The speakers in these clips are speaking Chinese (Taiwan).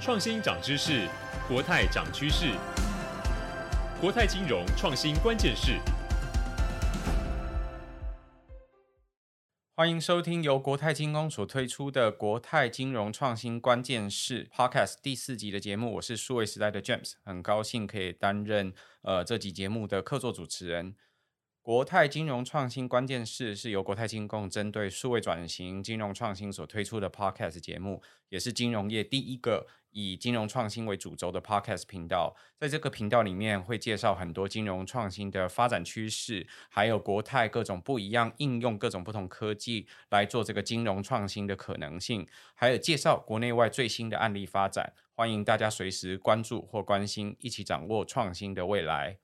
創新漲知識，國泰漲趨勢。國泰金融創新關鍵勢。歡迎收聽由國泰金控所推出的《國泰金融創新關鍵勢》Podcast 第四季的節目。我是數位時代的 James，很高興可以擔任呃這集節目的客座主持人。國泰金融創新關鍵勢是由國泰金控針對數位轉型、金融創新所推出的 Podcast 節目，也是金融業第一個以金融創新為主軸的 Podcast 頻道。在這個頻道裡面，會介紹很多金融創新的發展趨勢，還有國泰各種不一樣應用、各種不同科技來做這個金融創新的可能性，還有介紹國內外最新的案例發展。歡迎大家隨時關注或關心，一起掌握創新的未來。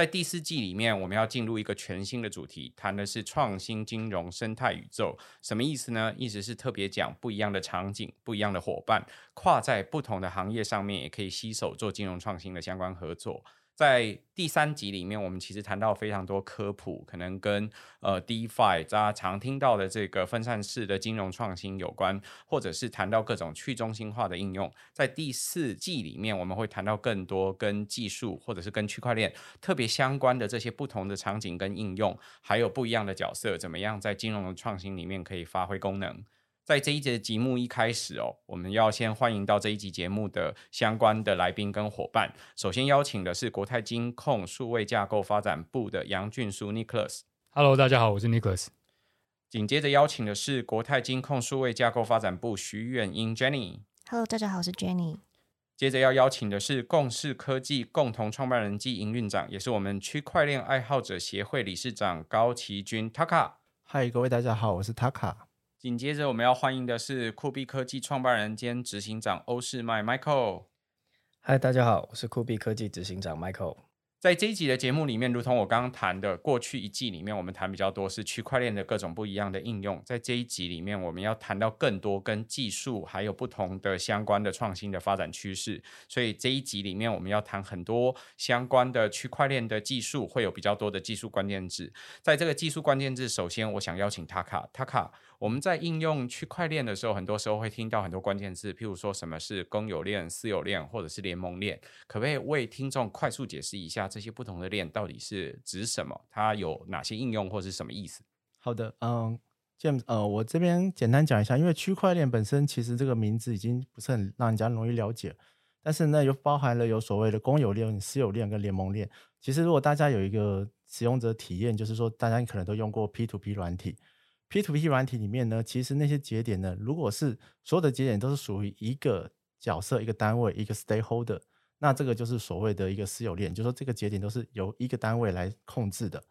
在第四季裡面，我們要進入一個全新的主題，談的是創新金融生態宇宙。什麼意思呢？意思是特別講不一樣的場景，不一樣的夥伴，跨在不同的行業上面，也可以攜手做金融創新的相關合作。在第三集裡面，我們其實談到非常多科普，可能跟呃 DeFi 大家常聽到的這個分散式的金融創新有關，或者是談到各種去中心化的應用。在第四季裡面，我們會談到更多跟技術或者是跟區塊鏈特別相關的這些不同的場景跟應用，還有不一樣的角色怎麼樣在金融創新裡面可以發揮功能。在這一節的節目一開始哦，我們要先歡迎到這一集節目的相關的來賓跟夥伴。首先邀請的是國泰金控數位架構發展部的楊俊書 Nicholas。Hello，大家好，我是 Nicholas。緊接着邀請的是國泰金控數位架構發展部徐遠音 Jenny。Hello，大家好，我是 Jenny。接着要邀請的是共識科技共同創辦人暨營運長，也是我們區塊鏈愛好者協會理事長高崎鈞 Taka。Hi，各位大家好，我是 Taka。緊接着我們要歡迎的是庫幣科技創辦人兼執行長歐仕邁 Michael。嗨，大家好，我是庫幣科技執行長 Michael。在這一集的節目裡面，如同我剛剛談的，過去一季裡面我們談比較多是區塊鏈的各種不一樣的應用。在這一集裡面，我們要談到更多跟技術還有不同的相關的創新的發展趨勢。所以這一集裡面我們要談很多相關的區塊鏈的技術，會有比較多的技術關鍵字。在這個技術關鍵字，首先我想邀請 Taka Taka。我們在應用區塊鏈的時候，很多時候會聽到很多關鍵詞，譬如說什麼是公有鏈、私有鏈，或者是聯盟鏈。可不可以為聽眾快速解釋一下這些不同的鏈到底是指什麼？它有哪些應用或是什麼意思？好的，嗯，James，呃，嗯，我這邊簡單講一下，因為區塊鏈本身其實這個名字已經不是很讓人家容易了解，但是呢，又包含了有所謂的公有鏈、私有鏈跟聯盟鏈。其實如果大家有一個使用者體驗，就是說大家可能都用過 P to P 軟體。P2P 軟體裡面呢，其實那些節點呢，如果是所有的節點都是屬於一個角色、一個單位、一個 stakeholder，那這個就是所謂的一個私有鏈，就說這個節點都是由一個單位來控制的。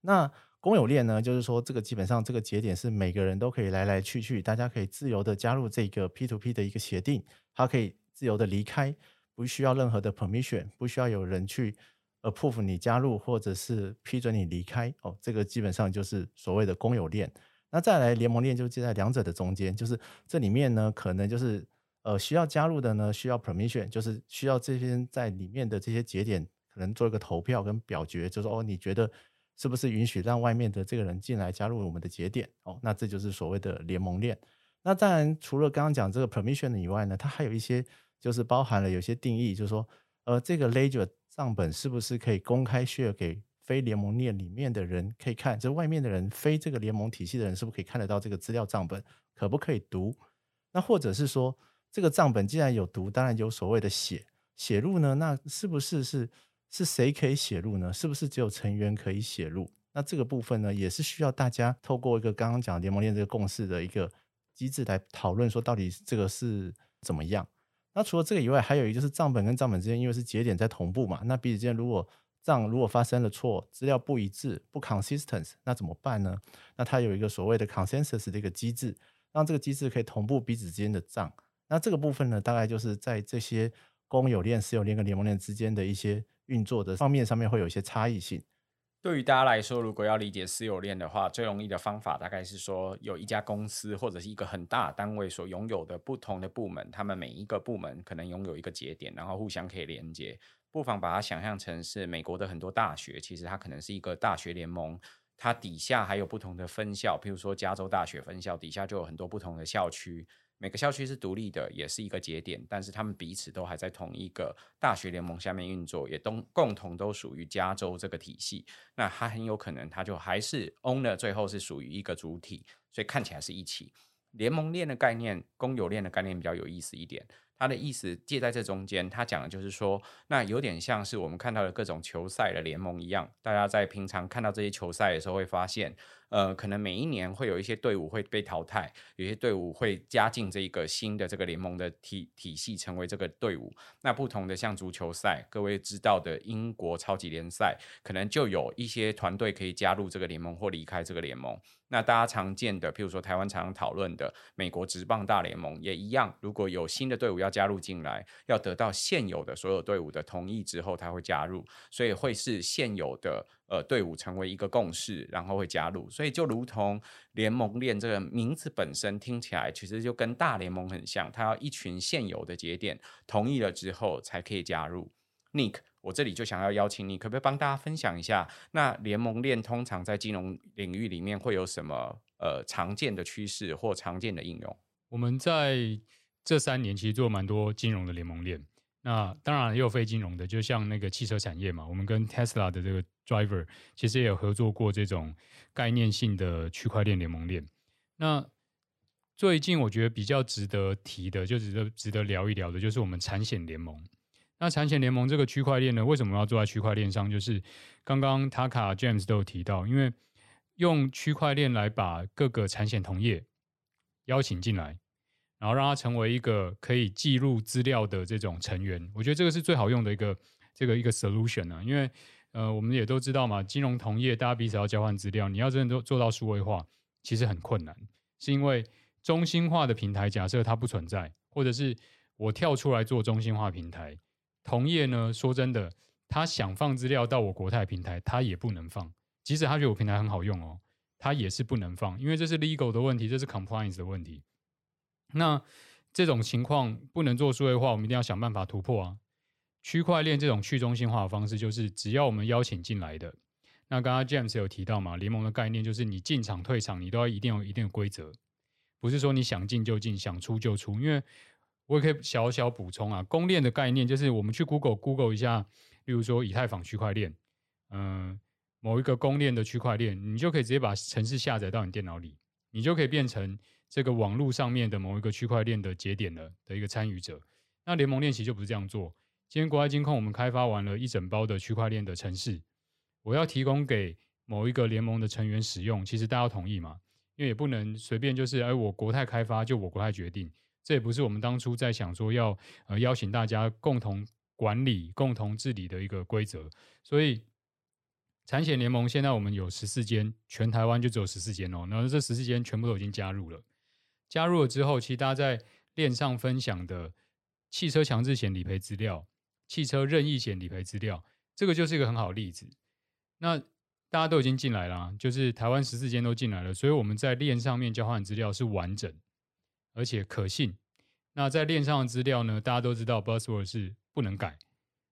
那公有鏈呢，就是說這個基本上這個節點是每個人都可以來來去去，大家可以自由的加入這個 P2P 的一個協定，它可以自由的離開，不需要任何的 permission，不需要有人去 approve 你加入或者是批准你離開。哦，這個基本上就是所謂的公有鏈。那再來聯盟鏈就接在兩者的中間，就是這裡面呢，可能就是呃需要加入的呢，需要 permission，就是需要這邊在裡面的這些節點可能做一個投票跟表決，就是說哦，你覺得是不是允許讓外面的這個人進來加入我們的節點？哦，那這就是所謂的聯盟鏈。那當然除了剛剛講這個 permission 以外呢，它還有一些就是包含了有些定義，就是說呃這個 ledger 賬本是不是可以公開 share 給非聯盟鏈裡面的人可以看，這、就是、外面的人非這個聯盟體系的人，是不是可以看得到這個資料賬本？可不可以讀？那或者是說，這個賬本既然有讀，當然有所謂的寫寫入呢？那是不是是是誰可以寫入呢？是不是只有成員可以寫入？那這個部分呢，也是需要大家透過一個剛剛講聯盟鏈這個共識的一個機制來討論，說到底這個是怎麼樣？那除了這個以外，還有一個就是賬本跟賬本之間，因為是節點在同步嘛，那彼此之間如果。賬如果發生了錯，資料不一致、不 consistency，那怎麼辦呢？那它有一個所謂的 consensus 的一個機制，讓這個機制可以同步彼此之間的賬。那這個部分呢，大概就是在這些公有鏈、私有鏈跟聯盟鏈之間的一些運作的方面，上面會有一些差異性。對於大家來說，如果要理解私有鏈的話，最容易的方法大概是說，有一家公司或者是一個很大單位所擁有的不同的部門，他們每一個部門可能擁有一個節點，然後互相可以連接。不妨把它想象成是美國的很多大學，其實它可能是一個大學聯盟，它底下還有不同的分校，譬如說加州大學分校底下就有很多不同的校區，每個校區是獨立的，也是一個節點，但是他們彼此都還在同一個大學聯盟下面運作，也都共同都屬於加州這個體系。那它很有可能，它就還是 owner 最後是屬於一個主體，所以看起來是一起聯盟鏈的概念，公有鏈的概念比較有意思一點。他的意思介在這中間，他講的就是說，那有點像是我們看到的各種球賽的聯盟一樣，大家在平常看到這些球賽的時候會發現。呃，可能每一年會有一些隊伍會被淘汰，有些隊伍會加進這一個新的這個聯盟的體體系，成為這個隊伍。那不同的像足球賽，各位知道的英國超級聯賽，可能就有一些團隊可以加入這個聯盟或離開這個聯盟。那大家常見的，譬如說台灣常常討論的美國職棒大聯盟也一樣，如果有新的隊伍要加入進來，要得到現有的所有隊伍的同意之後，他會加入，所以會是現有的。呃，隊伍成為一個共識，然後會加入。所以就如同聯盟鏈這個名字本身聽起來，其實就跟大聯盟很像，它要一群現有的節點同意了之後才可以加入。Nick，我這裡就想要邀請你，可不可以幫大家分享一下？那聯盟鏈通常在金融領域裡面會有什麼呃常見的趨勢或常見的應用？我們在這三年其實做蠻多金融的聯盟鏈。那當然也有非金融的，就像那個汽車產業嘛，我們跟 Tesla 的這個 driver 其實也有合作過這種概念性的區塊鏈聯盟鏈。那最近我覺得比較值得提的，就值得值得聊一聊的，就是我們產險聯盟。那產險聯盟這個區塊鏈呢，為什麼要做在區塊鏈上？就是剛剛 Taka James 都有提到，因為用區塊鏈來把各個產險同業邀請進來。然後讓它成為一個可以記錄資料的這種成員，我覺得這個是最好用的一個這個一個 solution 呢、啊。因為呃，我們也都知道嘛，金融同業大家彼此要交換資料，你要真的做做到數位化，其實很困難，是因為中心化的平台假設它不存在，或者是我跳出來做中心化平台，同業呢，說真的，他想放資料到我國泰平台，他也不能放，即使他覺得我平台很好用哦，他也是不能放，因為這是 legal 的問題，這是 compliance 的問題。那這種情況不能做數位化，我們一定要想辦法突破啊！區塊鏈這種去中心化的方式，就是只要我們邀請進來的。那剛剛 James 有提到嘛，聯盟的概念就是你進場、退場，你都要一定有一定的規則，不是說你想進就進，想出就出。因為我也可以小小補充啊，公鏈的概念就是我們去 Google Google 一下，例如說以太坊區塊鏈，嗯、呃，某一個公鏈的區塊鏈，你就可以直接把程式下載到你電腦裡，你就可以變成。這個網絡上面的某一個區塊鏈的節點呢的一個參與者，那聯盟鏈其實就不是這樣做。今天國泰金控我們開發完了一整包的區塊鏈的程式，我要提供給某一個聯盟的成員使用，其實大家要同意嘛？因為也不能隨便就是哎，我國泰開發就我國泰決定，這也不是我們當初在想說要呃邀請大家共同管理、共同治理的一個規則。所以產險聯盟現在我們有十四間，全台灣就只有十四間哦，那這十四間全部都已經加入了。加入了之後，其實大家在鏈上分享的汽車強制險理賠資料、汽車任意險理賠資料，這個就是一個很好的例子。那大家都已經進來了，就是台灣十四間都進來了，所以我們在鏈上面交換資料是完整而且可信。那在鏈上的資料呢，大家都知道 block world 是不能改，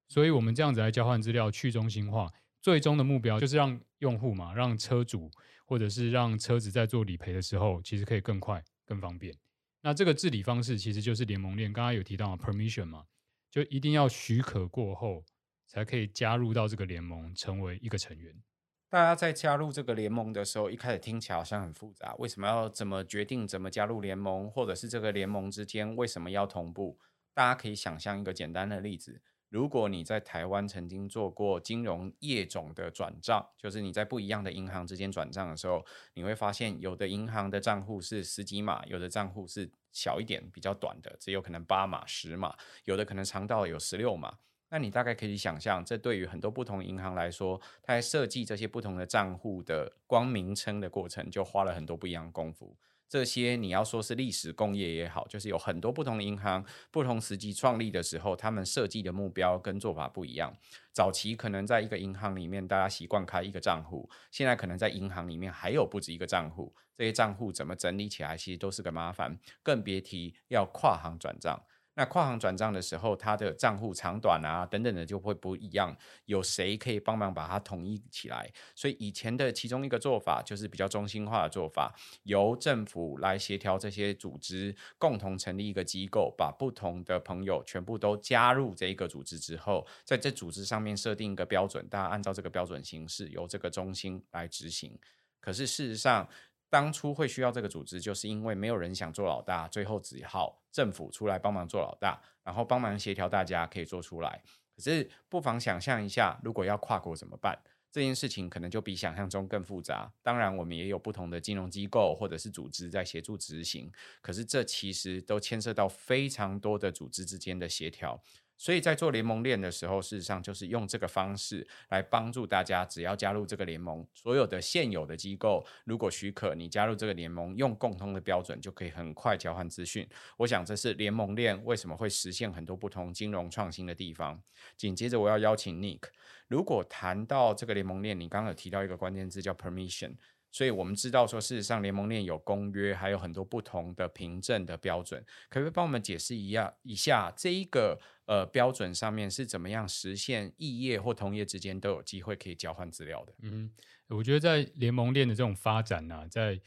所以我們這樣子來交換資料，去中心化，最終的目標就是讓用戶嘛，讓車主或者是讓車子在做理賠的時候，其實可以更快。更方便。那這個治理方式其實就是聯盟鏈，剛剛有提到嘛，permission 嘛，就一定要許可過後才可以加入到這個聯盟，成為一個成員。大家在加入這個聯盟的時候，一開始聽起來好像很複雜，為什麼要怎麼決定怎麼加入聯盟，或者是這個聯盟之間為什麼要同步？大家可以想象一個簡單的例子。如果你在台灣曾經做過金融業種的轉賬，就是你在不一樣的銀行之間轉賬的時候，你會發現有的銀行的賬戶是十幾碼，有的賬戶是小一點、比較短的，只有可能八碼、十碼，有的可能長到有十六碼。那你大概可以想象，這對於很多不同銀行來說，它在設計這些不同的賬戶的光名稱的過程，就花了很多不一樣的功夫。這些你要說是歷史工業也好，就是有很多不同的銀行、不同時期創立的時候，他們設計的目標跟做法不一樣。早期可能在一個銀行裡面，大家習慣開一個賬戶；現在可能在銀行裡面還有不止一個賬戶，這些賬戶怎麼整理起來，其實都是個麻煩，更別提要跨行轉賬。那跨行轉賬的時候，它的賬戶長短啊等等的就會不一樣。有誰可以幫忙把它統一起來？所以以前的其中一個做法就是比較中心化的做法，由政府來協調這些組織，共同成立一個機構，把不同的朋友全部都加入這一個組織之後，在這組織上面設定一個標準，大家按照這個標準形式由這個中心來執行。可是事實上，當初會需要這個組織，就是因為沒有人想做老大，最後只好政府出來幫忙做老大，然後幫忙協調大家可以做出來。可是不妨想象一下，如果要跨國怎麼辦？這件事情可能就比想象中更複雜。當然，我們也有不同的金融機構或者是組織在協助執行，可是這其實都牽涉到非常多的組織之間的協調。所以在做聯盟鏈的時候，事實上就是用這個方式來幫助大家。只要加入這個聯盟，所有的現有的機構如果許可你加入這個聯盟，用共通的標準就可以很快交換資訊。我想這是聯盟鏈為什麼會實現很多不同金融創新的地方。緊接着我要邀請 Nick，如果談到這個聯盟鏈，你剛剛有提到一個關鍵字叫 Permission。所以，我們知道說，事實上，聯盟鏈有公約，還有很多不同的憑證的標準。可不可以幫我們解釋一下？以下這一個呃標準上面是怎麼樣實現異業或同業之間都有機會可以交換資料的？嗯，我覺得在聯盟鏈的這種發展呢，啊，在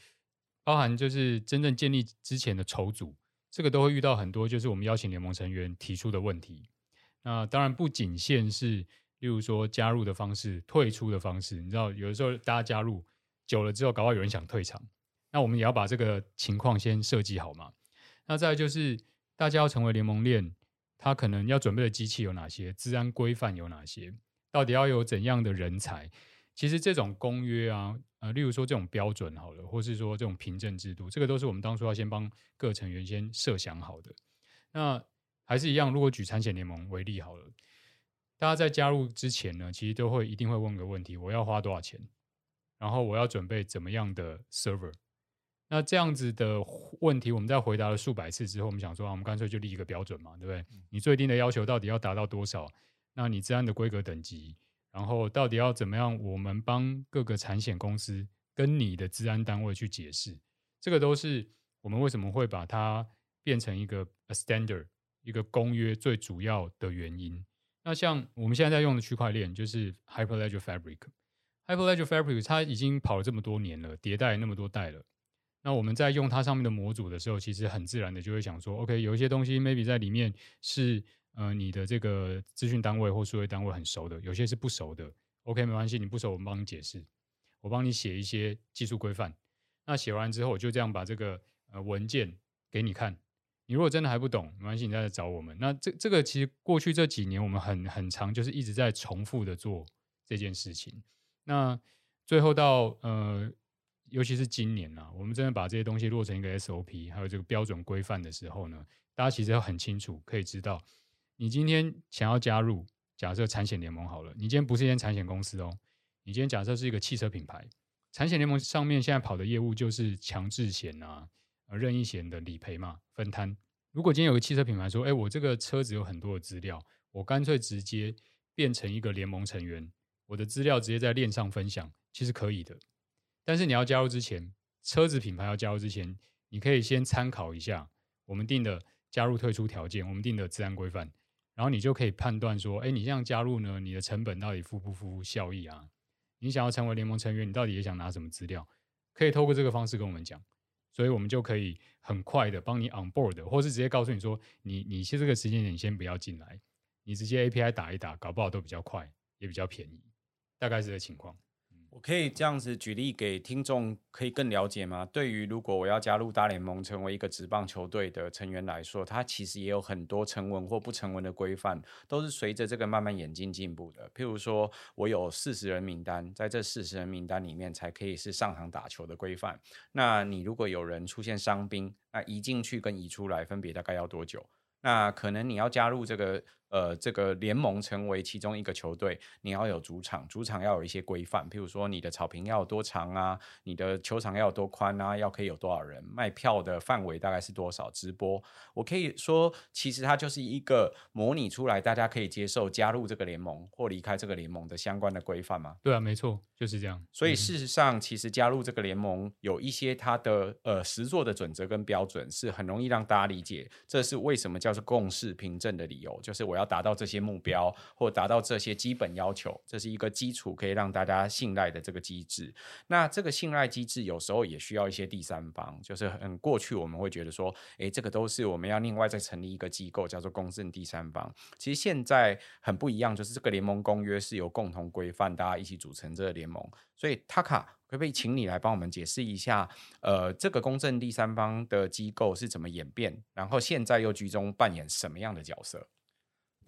包含就是真正建立之前的籌組，這個都會遇到很多就是我們邀請聯盟成員提出的問題。那當然不僅限是，例如說加入的方式、退出的方式。你知道，有的時候大家加入。久了之後，搞到有人想退場，那我們也要把這個情況先設計好嘛。那再來就是，大家要成為聯盟鏈，他可能要準備的機器有哪些？資安規範有哪些？到底要有怎樣的人才？其實這種公約啊，呃，例如說這種標準好了，或是說這種憑證制度，這個都是我們當初要先幫各成員先設想好的。那還是一樣，如果舉產險聯盟為例好了，大家在加入之前呢，其實都會一定會問個問題：我要花多少錢？然後我要準備怎麼樣的 server？那這樣子的問題，我們在回答了數百次之後，我們想說啊，我們乾脆就立一個標準嘛，對不對？嗯、你最低的要求到底要達到多少？那你資安的規格等級，然後到底要怎麼樣？我們幫各個產險公司跟你的資安單位去解釋，這個都是我們為什麼會把它變成一個 a standard 一個公約最主要的原因。那像我們現在在用的區塊鏈，就是 Hyperledger Fabric。Hyperledger Fabric 它已經跑了這麼多年了，迭代了那麼多代了。那我們在用它上面的模組的時候，其實很自然的就會想說，OK，有一些東西 maybe 在裡面是呃你的這個資訊單位或數位單位很熟的，有些是不熟的。OK，沒關係，你不熟，我們幫你解釋，我幫你寫一些技術規範。那寫完之後，我就這樣把這個呃文件給你看。你如果真的還不懂，沒關係，你再來找我們。那這這個其實過去這幾年，我們很很長就是一直在重複的做這件事情。那最後到呃，尤其是今年啦、啊，我們真的把這些東西落成一個 SOP，還有這個標準規範的時候呢，大家其實要很清楚，可以知道，你今天想要加入，假設產險聯盟好了，你今天不是一間產險公司哦，你今天假設是一個汽車品牌，產險聯盟上面現在跑的業務就是強制險啊、呃任意險的理賠嘛、分攤。如果今天有個汽車品牌說，哎，我這個車子有很多的資料，我乾脆直接變成一個聯盟成員。我的資料直接在鏈上分享，其實可以的。但是你要加入之前，車子品牌要加入之前，你可以先參考一下我們定的加入退出條件，我們定的資安規範，然後你就可以判斷說，哎、欸，你這樣加入呢，你的成本到底符不符合效益啊？你想要成為聯盟成員，你到底也想拿什麼資料？可以透過這個方式跟我們講，所以我們就可以很快的幫你 on board，或是直接告訴你說，你你先這個時間點先不要進來，你直接 API 打一打，搞不好都比較快，也比較便宜。大概是這個情況，我可以這樣子舉例給聽眾可以更了解嗎？對於如果我要加入大聯盟，成為一個職棒球隊的成員來說，他其實也有很多成文或不成文的規範，都是隨着這個慢慢演進進步的。譬如說，我有四十人名單，在這四十人名單裡面才可以是上場打球的規範。那你如果有人出現傷兵，那移進去跟移出來分別大概要多久？那可能你要加入這個。呃，這個聯盟成為其中一個球隊，你要有主場，主場要有一些規範，譬如說你的草坪要有多長啊，你的球場要有多寬啊，要可以有多少人賣票的範圍大概是多少，直播，我可以說，其實它就是一個模擬出來，大家可以接受加入這個聯盟或離開這個聯盟的相關的規範嗎？對啊，沒錯，就是這樣。所以事實上，其實加入這個聯盟有一些它的呃實作的準則跟標準是很容易讓大家理解，這是為什麼叫做共識憑證的理由，就是我要。要達到這些目標，或達到這些基本要求，這是一個基礎可以讓大家信賴的這個機制。那這個信賴機制有時候也需要一些第三方，就是很過去我們會覺得說，誒、欸，這個都是我們要另外再成立一個機構叫做公正第三方。其實現在很不一樣，就是這個聯盟公約是由共同規範大家一起組成這個聯盟。所以，Taka，可不可以請你來幫我們解釋一下，呃，這個公正第三方的機構是怎麼演變，然後現在又居中扮演什麼樣的角色？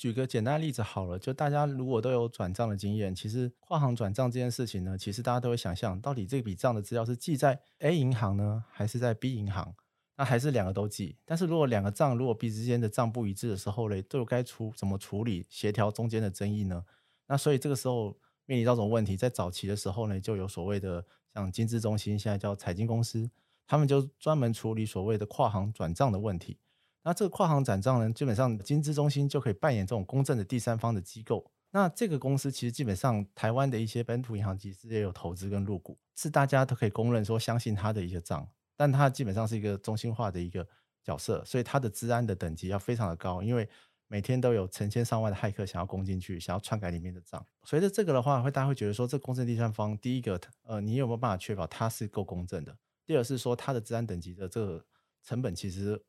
舉個簡單例子好了，就大家如果都有轉賬的經驗，其實跨行轉賬這件事情呢，其實大家都會想象，到底這筆賬的資料是記在 A 銀行呢，還是在 B 銀行，那還是兩個都記。但是如果兩個賬如果彼此之間的賬不一致的時候嘞，都該處怎麼處理，協調中間的爭議呢？那所以這個時候面臨到這種問題，在早期的時候呢，就有所謂的像金資中心，現在叫財金公司，他們就專門處理所謂的跨行轉賬的問題。那這個跨行轉賬呢，基本上金資中心就可以扮演這種公正的第三方的機構。那這個公司其實基本上台灣的一些本土銀行其實也有投資跟入股，是大家都可以公認說相信它的一個賬。但它基本上是一個中心化的一個角色，所以它的資安的等級要非常的高，因為每天都有成千上萬的駭客想要攻進去，想要篡改裡面的賬。隨着這個的話，會大家會覺得說，這公正第三方，第一個，呃，你有沒有辦法確保它是夠公正的？第二是說它的資安等級的這個成本其實，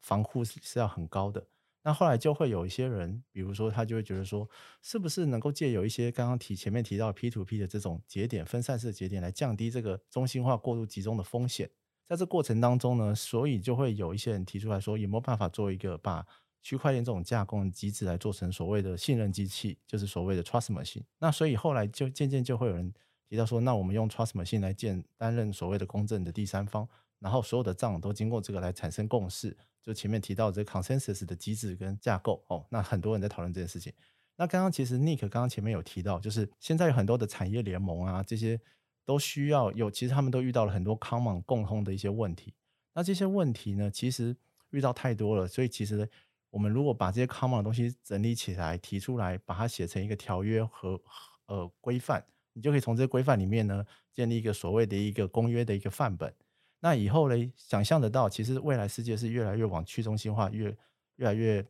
防護是要很高的，那後來就會有一些人，比如說他就會覺得說，是不是能夠借由一些剛剛提前面提到 P2P 的這種節點、分散式的節點來降低這個中心化過度集中的風險。在這過程當中呢，所以就會有一些人提出來說，有沒有辦法做一個把區塊鏈這種架構機制來做成所謂的信任機器，就是所謂的 Trust Machine。那所以後來就漸漸就會有人提到說，那我們用 Trust Machine 來建擔任所謂的公正的第三方。然後所有的賬都經過這個來產生共識，就前面提到的這個 consensus 的機制跟架構哦，那很多人在討論這件事情。那剛剛其實 Nick 剛剛前面有提到，就是現在有很多的產業聯盟啊，這些都需要有，其實他們都遇到了很多 common 共通的一些問題。那這些問題呢，其實遇到太多了，所以其實我們如果把這些 common 的東西整理起來，提出來，把它寫成一個條約和呃規範，你就可以從這些規範裡面呢，建立一個所謂的一個公約的一個範本。那以後呢，想象得到，其實未來世界是越來越往去中心化，越越來越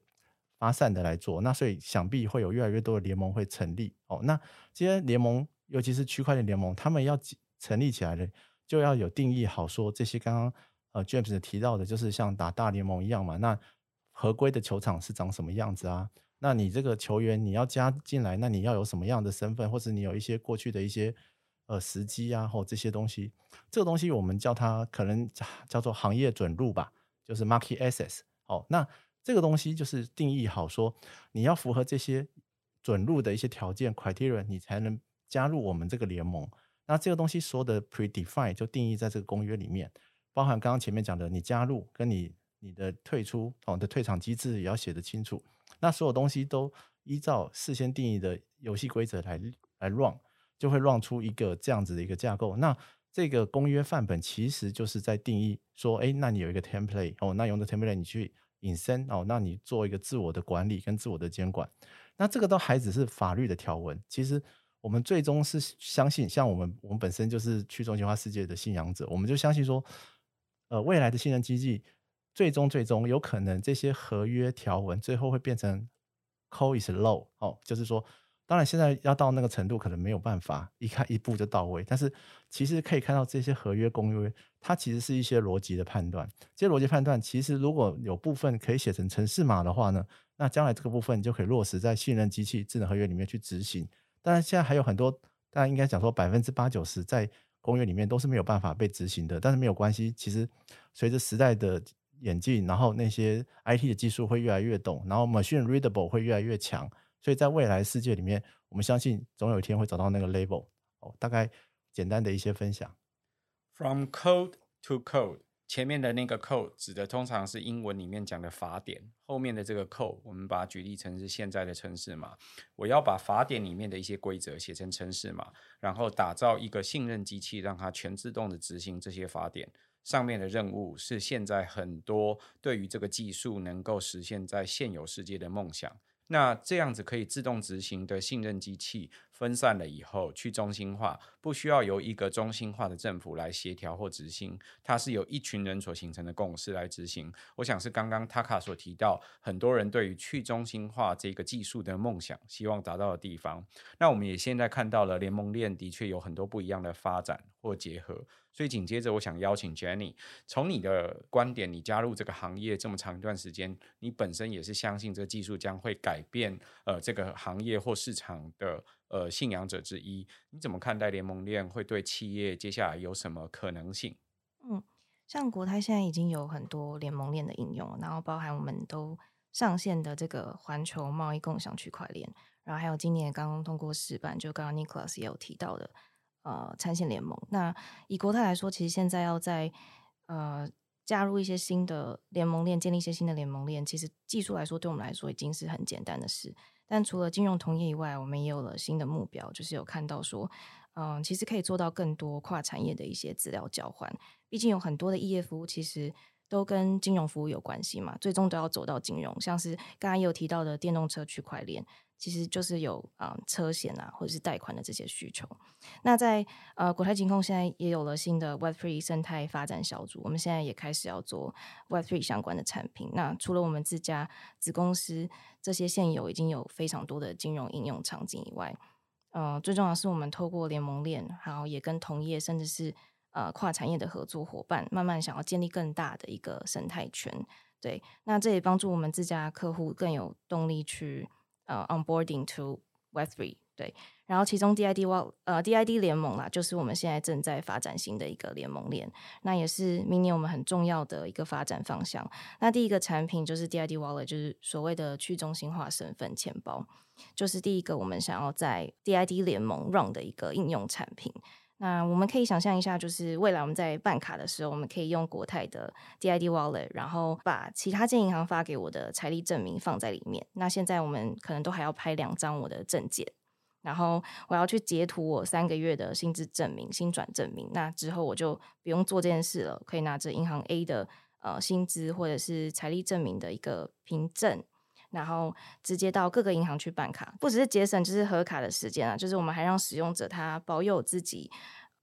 發散的來做。那所以想必會有越來越多的聯盟會成立哦。那這些聯盟，尤其是區塊鏈聯盟，他們要成立起來呢，就要有定義好說，說這些剛剛呃 James 提到的，就是像打大聯盟一樣嘛。那合規的球場是長什麼樣子啊？那你這個球員你要加進來，那你要有什麼樣的身份，或是你有一些過去的一些。呃，時機啊，或這些東西，這個東西我們叫它可能叫做行業准入吧，就是 market access，哦。好，那這個東西就是定義好說，說你要符合這些准入的一些條件 criterion，你才能加入我們這個聯盟。那這個東西所有的 predefined 就定義在這個公約裡面，包含剛剛前面講的，你加入跟你你的退出哦，你的退場機制也要寫得清楚。那所有東西都依照事先定義的遊戲規則來來 run。就會亂出一個這樣子的一個架構。那這個公約範本其實就是在定義說，哎，那你有一個 template 哦，那用的 template 你去引申哦，那你做一個自我的管理跟自我的監管。那這個都還只是法律的條文。其實我們最終是相信，像我們我們本身就是去中心化世界的信仰者，我們就相信說，呃，未來的信任經濟最終最終有可能這些合約條文最後會變成 code is law 哦，就是說。當然，現在要到那個程度，可能沒有辦法，一看一步就到位。但是，其實可以看到這些合約公約，它其實是一些邏輯的判斷。這些邏輯判斷，其實如果有部分可以寫成程式碼的話呢，那將來這個部分就可以落實在信任機器智能合約裡面去執行。當然，現在還有很多，當然應該講說百分之八九十在公約裡面都是沒有辦法被執行的。但是沒有關係，其實隨着時代的演進，然後那些 IT 的技術會越來越懂，然後 Machine Readable 會越來越強。所以在未來世界裡面，我們相信總有一天會找到那個 label。哦，大概簡單的一些分享。From code to code，前面的那個 code 指的通常是英文裡面講的法典，後面的這個 code 我們把它舉例成是現在的程式碼。我要把法典裡面的一些規則寫成程式碼，然後打造一個信任機器，讓它全自動的執行這些法典上面的任務，是現在很多對於這個技術能夠實現在現有世界的夢想。那這樣子可以自動執行的信任機器分散，了以後，去中心化不需要由一個中心化的政府來協調或執行，它是由一群人所形成的共識來執行。我想是剛剛 Taka 所提到，很多人對於去中心化這個技術的夢想，希望達到的地方。那我們也現在看到了聯盟鏈的確有很多不一樣的發展或結合。所以緊接着，我想邀請 Jenny，從你的觀點，你加入這個行業這麼長一段時間，你本身也是相信這個技術將會改變呃這個行業或市場的呃信仰者之一。你怎麼看待聯盟鏈會對企業接下來有什麼可能性？嗯，像國泰現在已經有很多聯盟鏈的應用，然後包含我們都上線的這個環球貿易共享區塊鏈，然後還有今年剛剛通過試辦，就剛剛 Nicholas 也有提到的。呃，產險聯盟。那以國泰來說，其實現在要在呃加入一些新的聯盟鏈，建立一些新的聯盟鏈，其實技術來說，對我們來說已經是很簡單的事。但除了金融同業以外，我們也有了新的目標，就是有看到說，嗯、呃，其實可以做到更多跨產業的一些資料交換。畢竟有很多的異業服務，其實都跟金融服務有關係嘛，最終都要走到金融。像是剛剛也有提到的電動車區塊鏈。其實就是有啊、呃、車險啊，或者是貸款的這些需求。那在呃國泰金控現在也有了新的 Web3 生態發展小組，我們現在也開始要做 Web3 相關的產品。那除了我們自家子公司這些現有已經有非常多的金融應用場景以外，呃，最重要是我們透過聯盟鏈，然後也跟同業甚至是呃跨產業的合作夥伴，慢慢想要建立更大的一個生態圈。對，那這也幫助我們自家客戶更有動力去。呃、uh，onboarding to Web3，對，然後其中 DID Wallet 呃，DID 聯盟啦，就是我們現在正在發展新的一個聯盟鏈，那也是明年我們很重要的一個發展方向。那第一個產品就是 DID Wallet，就是所謂的去中心化身份錢包，就是第一個我們想要在 DID 聯盟 run 的一個應用產品。那我們可以想象一下，就是未來我們在辦卡的時候，我們可以用國泰的 DID Wallet，然後把其他間銀行發給我的財力證明放在裡面。那現在我們可能都還要拍兩張我的證件，然後我要去截圖我三個月的薪資證明、薪轉證明。那之後我就不用做這件事了，可以拿着銀行 A 的呃薪資或者是財力證明的一個憑證。然後直接到各個銀行去辦卡，不只是節省，就是核卡的時間啊，就是我們還讓使用者他保有自己。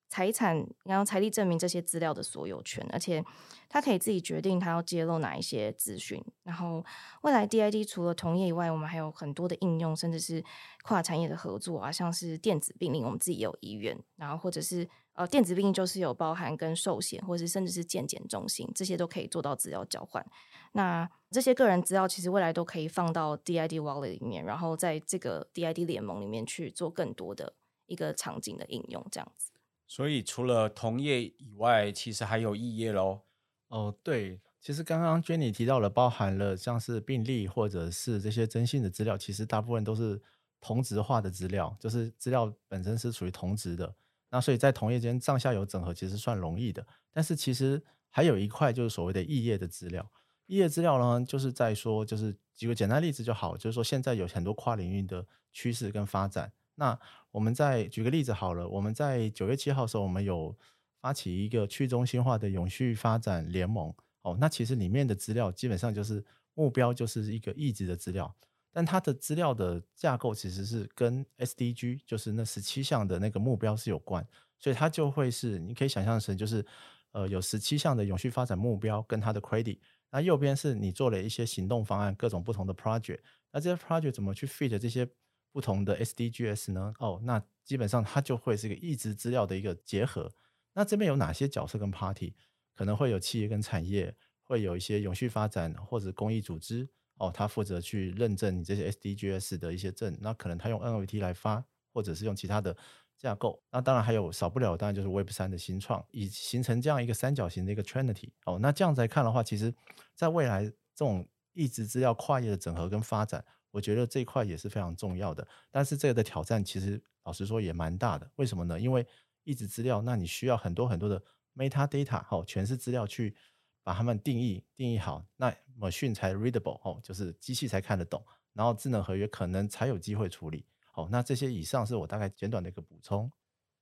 財產，然後財力證明這些資料的所有權，而且他可以自己決定他要揭露哪一些資訊。然後未來 DID 除了同業以外，我們還有很多的應用，甚至是跨產業的合作啊，像是電子病例，我們自己也有醫院，然後或者是呃電子病例就是有包含跟壽險，或者是甚至是健檢中心，這些都可以做到資料交換。那這些個人資料其實未來都可以放到 DID Wallet 裡面，然後在這個 DID 聯盟裡面去做更多的一個場景的應用，這樣子。所以除了同業以外，其實還有異業咯。哦，對，其實剛剛 Jenny 提到了，包含了像是病例或者是這些徵信的資料，其實大部分都是同質化的資料，就是資料本身是屬於同質的。那所以在同業間上下游整合其實算容易的。但是其實還有一塊就是所謂的異業的資料，異業資料呢，就是在說，就是舉個簡單例子就好，就是說現在有很多跨領域的趨勢跟發展。那我們再舉個例子好了，我們在九月七號的時候，我們有發起一個去中心化的永續發展聯盟。哦，那其實裡面的資料基本上就是目標，就是一個一級的資料，但它的資料的架構其實是跟 SDG，就是那十七項的那個目標是有關，所以它就會是你可以想象成就是，呃，有十七項的永續發展目標跟它的 credit，那右邊是你做了一些行動方案，各種不同的 project，那這些 project 怎麼去 fit 這些？不同的 SDGS 呢？哦，那基本上它就會是一個異質資料的一個結合。那這邊有哪些角色跟 party？可能會有企業跟產業，會有一些永續發展或者公益組織。哦，他負責去認證你這些 SDGS 的一些證。那可能他用 NFT 來發，或者是用其他的架構。那當然還有少不了，當然就是 Web 三的新創，以形成這樣一個三角形的一個 trinity。哦，那這樣子來看的話，其實在未來這種異質資料跨業的整合跟發展。我覺得這一塊也是非常重要的，但是這個的挑戰其實老實說也蠻大的。為什麼呢？因為一紙資料，那你需要很多很多的 metadata 哦，全是資料去把它們定義定義好，那 machine 才 readable 哦，就是機器才看得懂，然後智能合約可能才有機會處理。好，哦，那這些以上是我大概簡短的一個補充。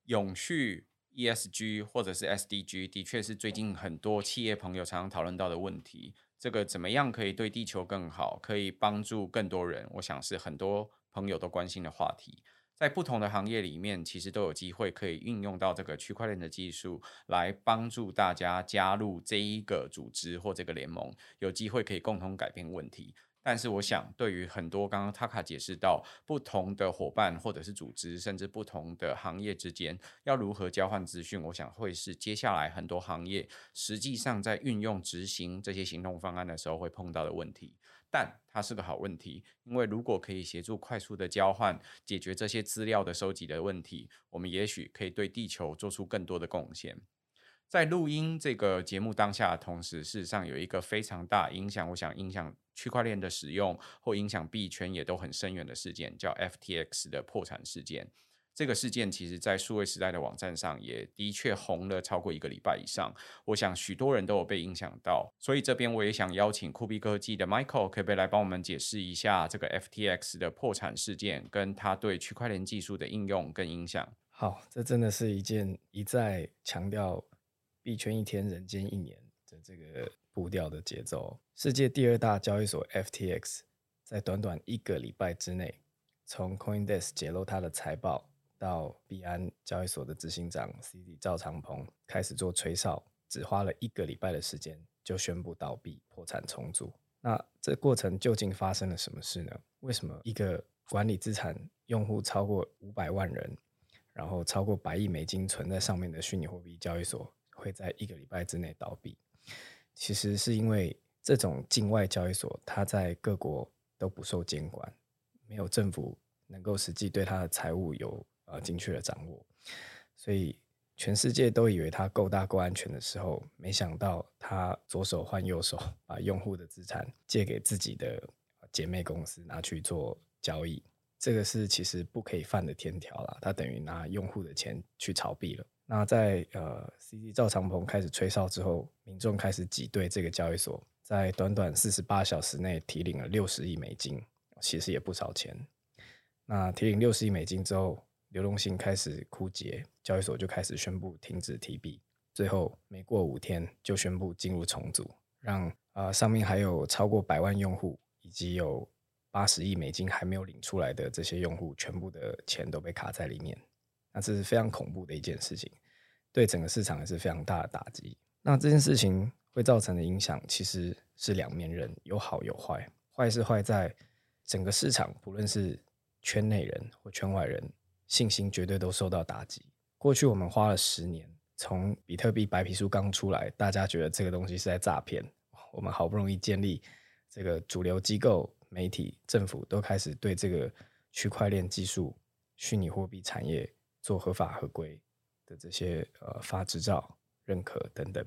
永續 ESG 或者是 SDG，的確是最近很多企業朋友常常討論到的問題。這個怎麼樣可以對地球更好，可以幫助更多人？我想是很多朋友都關心的話題。在不同的行業裡面，其實都有機會可以運用到這個區塊鏈的技術，來幫助大家加入這一個組織或這個聯盟，有機會可以共同改變問題。但是，我想對於很多剛剛 Taka 解釋到不同的夥伴或者是組織，甚至不同的行業之間要如何交換資訊，我想會是接下來很多行業實際上在運用執行這些行動方案的時候會碰到的問題。但它是個好問題，因為如果可以協助快速的交換解決這些資料的收集的問題，我們也許可以對地球做出更多的貢獻。在錄音這個節目當下的同時，事實上有一個非常大影響，我想影響。區塊鏈的使用或影響幣圈也都很深遠的事件，叫 FTX 的破產事件。這個事件其實，在數位時代的網站上也的確紅了超過一個禮拜以上。我想許多人都有被影響到，所以這邊我也想邀請庫幣科技的 Michael，可不可以來幫我們解釋一下這個 FTX 的破產事件跟它對區塊鏈技術的應用跟影響？好，這真的是一件一再強調幣圈一天人間一年的這個。步調的節奏。世界第二大交易所 FTX 在短短一個禮拜之內，從 CoinDesk 揭露他的財報，到幣安交易所的執行長 CZ 趙長鵬開始做吹哨，只花了一個禮拜的時間就宣布倒閉、破產重組。那這過程究竟發生了什麼事呢？為什麼一個管理資產用戶超過五百萬人，然後超過百億美金存在上面的虛擬貨幣交易所會在一個禮拜之內倒閉？其實是因為這種境外交易所，它在各國都不受監管，沒有政府能夠實際對它的財務有呃精確的掌握，所以全世界都以為它夠大夠安全的時候，沒想到它左手換右手，把用戶的資產借給自己的姐妹公司拿去做交易，這個是其實不可以犯的天條啦，它等於拿用戶的錢去炒幣了。那在呃 CZ 趙長鵬開始吹哨之後，民眾開始擠兌這個交易所，在短短四十八小時內提領了六十億美金，其實也不少錢。那提領六十億美金之後，流動性開始枯竭，交易所就開始宣布停止提幣，最後沒過五天就宣布進入重組，讓啊、呃、上面還有超過百萬用戶，以及有八十億美金還沒有領出來的這些用戶，全部的錢都被卡在裡面。那這是非常恐怖的一件事情，對整個市場也是非常大的打擊。那這件事情會造成的影響其實是兩面刃：有好有壞。壞是壞在整個市場，不論是圈內人或圈外人，信心絕對都受到打擊。過去我們花了十年，從比特幣白皮書剛出來，大家覺得這個東西是在詐騙。我們好不容易建立這個主流機構、媒體、政府都開始對這個區塊鏈技術、虛擬貨幣產業。做合法合規的這些呃發執照、認可等等，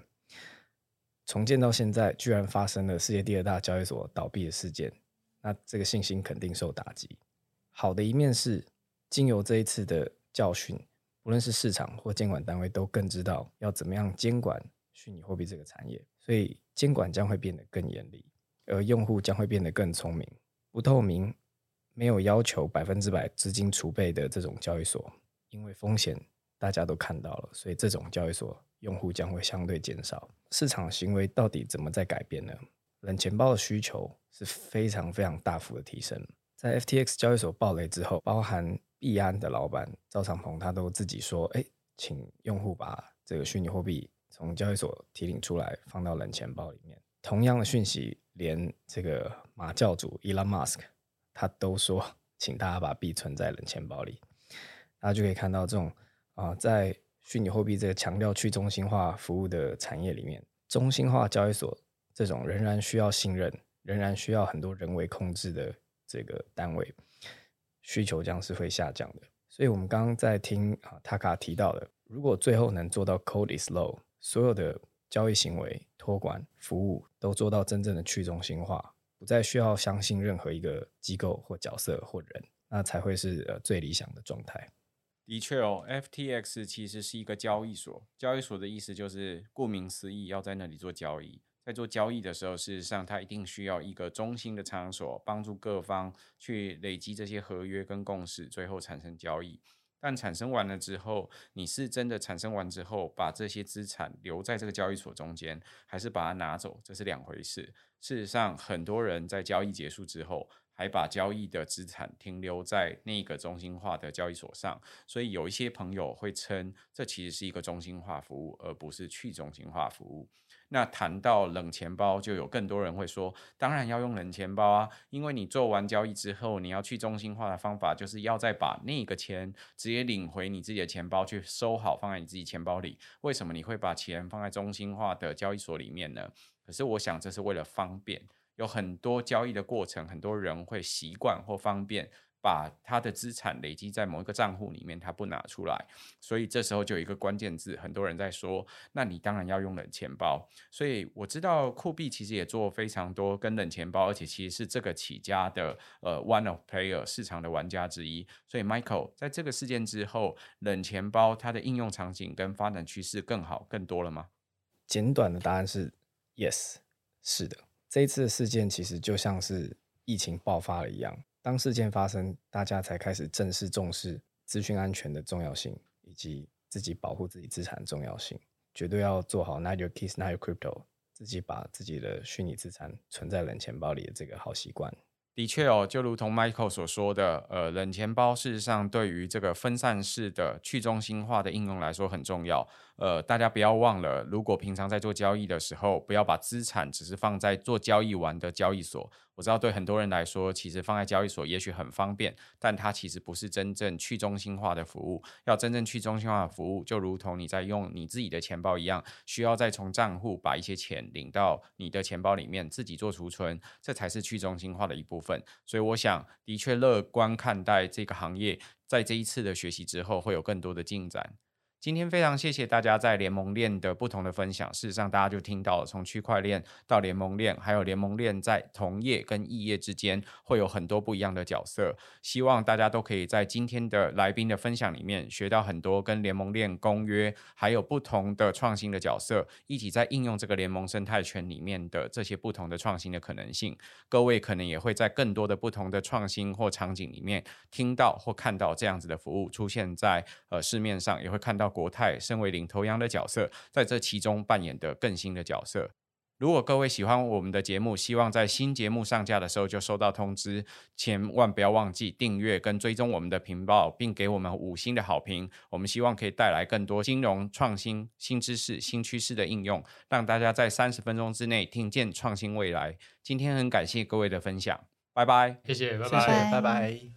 重建到現在，居然發生了世界第二大交易所倒閉的事件，那這個信心肯定受打擊。好的一面是，經由這一次的教訓，不論是市場或監管單位都更知道要怎麼樣監管虛擬貨幣這個產業，所以監管將會變得更嚴厲，而用戶將會變得更聰明。不透明、沒有要求百分之百資金儲備的這種交易所。因為風險大家都看到了，所以這種交易所用戶將會相對減少。市場行為到底怎麼在改變呢？冷錢包的需求是非常非常大幅的提升。在 FTX 交易所爆雷之後，包含幣安的老板趙長鵬，他都自己說：“誒，請用戶把這個虛擬貨幣從交易所提領出來，放到冷錢包裡面。”同樣的訊息，連這個馬教主 Elon Musk，他都說：“請大家把幣存在冷錢包裡。”大家就可以看到，這種啊、呃，在虛擬貨幣這個強調去中心化服務的產業裡面，中心化交易所這種仍然需要信任、仍然需要很多人為控制的這個單位，需求將是會下降的。所以，我們剛剛在聽啊，Taka 提到的，如果最後能做到 code is low，所有的交易行為、託管服務都做到真正的去中心化，不再需要相信任何一個機構或角色或人，那才會是呃最理想的狀態。的確哦，FTX 其實是一個交易所。交易所的意思就是顧名思義，要在那裡做交易。在做交易的時候，事實上它一定需要一個中心的場所，幫助各方去累積這些合約跟共識，最後產生交易。但產生完了之後，你是真的產生完之後，把這些資產留在這個交易所中間，還是把它拿走？這是兩回事。事實上，很多人在交易結束之後，還把交易的資產停留在那個中心化的交易所上，所以有一些朋友會稱這其實是一個中心化服務，而不是去中心化服務。那談到冷錢包，就有更多人會說，當然要用冷錢包啊，因為你做完交易之後，你要去中心化的方法，就是要再把那個錢直接領回你自己的錢包去收好，放在你自己錢包裡。為什麼你會把錢放在中心化的交易所裡面呢？可是我想，這是為了方便。有很多交易的過程，很多人會習慣或方便把他的資產累積在某一個賬戶裡面，他不拿出來。所以這時候就有一個關鍵字，很多人在說，那你當然要用冷錢包。所以我知道庫幣其實也做非常多跟冷錢包，而且其實是這個起家的，呃，One of Player 市場的玩家之一。所以 Michael 在這個事件之後，冷錢包它的應用場景跟發展趨勢更好更多了嗎？簡短的答案是 Yes，是的。這次的事件其實就像是疫情爆發了一樣，當事件發生，大家才開始正式重視資訊安全的重要性，以及自己保護自己資產的重要性。絕對要做好 Not your keys, not your crypto，自己把自己的虛擬資產存在冷錢包裡的這個好習慣。的確哦，就如同 Michael 所說的，呃，冷錢包事實上對於這個分散式的去中心化的應用來說很重要。呃，大家不要忘了，如果平常在做交易的時候，不要把資產只是放在做交易完的交易所。我知道，對很多人來說，其實放在交易所也許很方便，但它其實不是真正去中心化的服務。要真正去中心化的服務，就如同你在用你自己的錢包一樣，需要再從賬戶把一些錢領到你的錢包裡面，自己做儲存，這才是去中心化的一部分。所以我想，的確樂觀看待這個行業，在這一次的學習之後，會有更多的進展。今天非常謝謝大家在聯盟鏈的不同的分享。事實上，大家就聽到了從區塊鏈到聯盟鏈，還有聯盟鏈在同業跟異業之間會有很多不一樣的角色。希望大家都可以在今天的來賓的分享裡面學到很多跟聯盟鏈公約，還有不同的創新的角色，一起在應用這個聯盟生態圈裡面的這些不同的創新的可能性。各位可能也會在更多的不同的創新或場景裡面聽到或看到這樣子的服務出現在呃市面上，也會看到。國泰身為領頭羊的角色，在這其中扮演的更新的角色。如果各位喜歡我們的節目，希望在新節目上架的時候就收到通知，千萬不要忘記訂閱跟追蹤我們的頻道，並給我們五星的好評。我們希望可以帶來更多金融創新、新知識、新趨勢的應用，讓大家在三十分鐘之內聽見創新未來。今天很感謝各位的分享，拜拜，謝謝，拜拜，謝謝拜拜。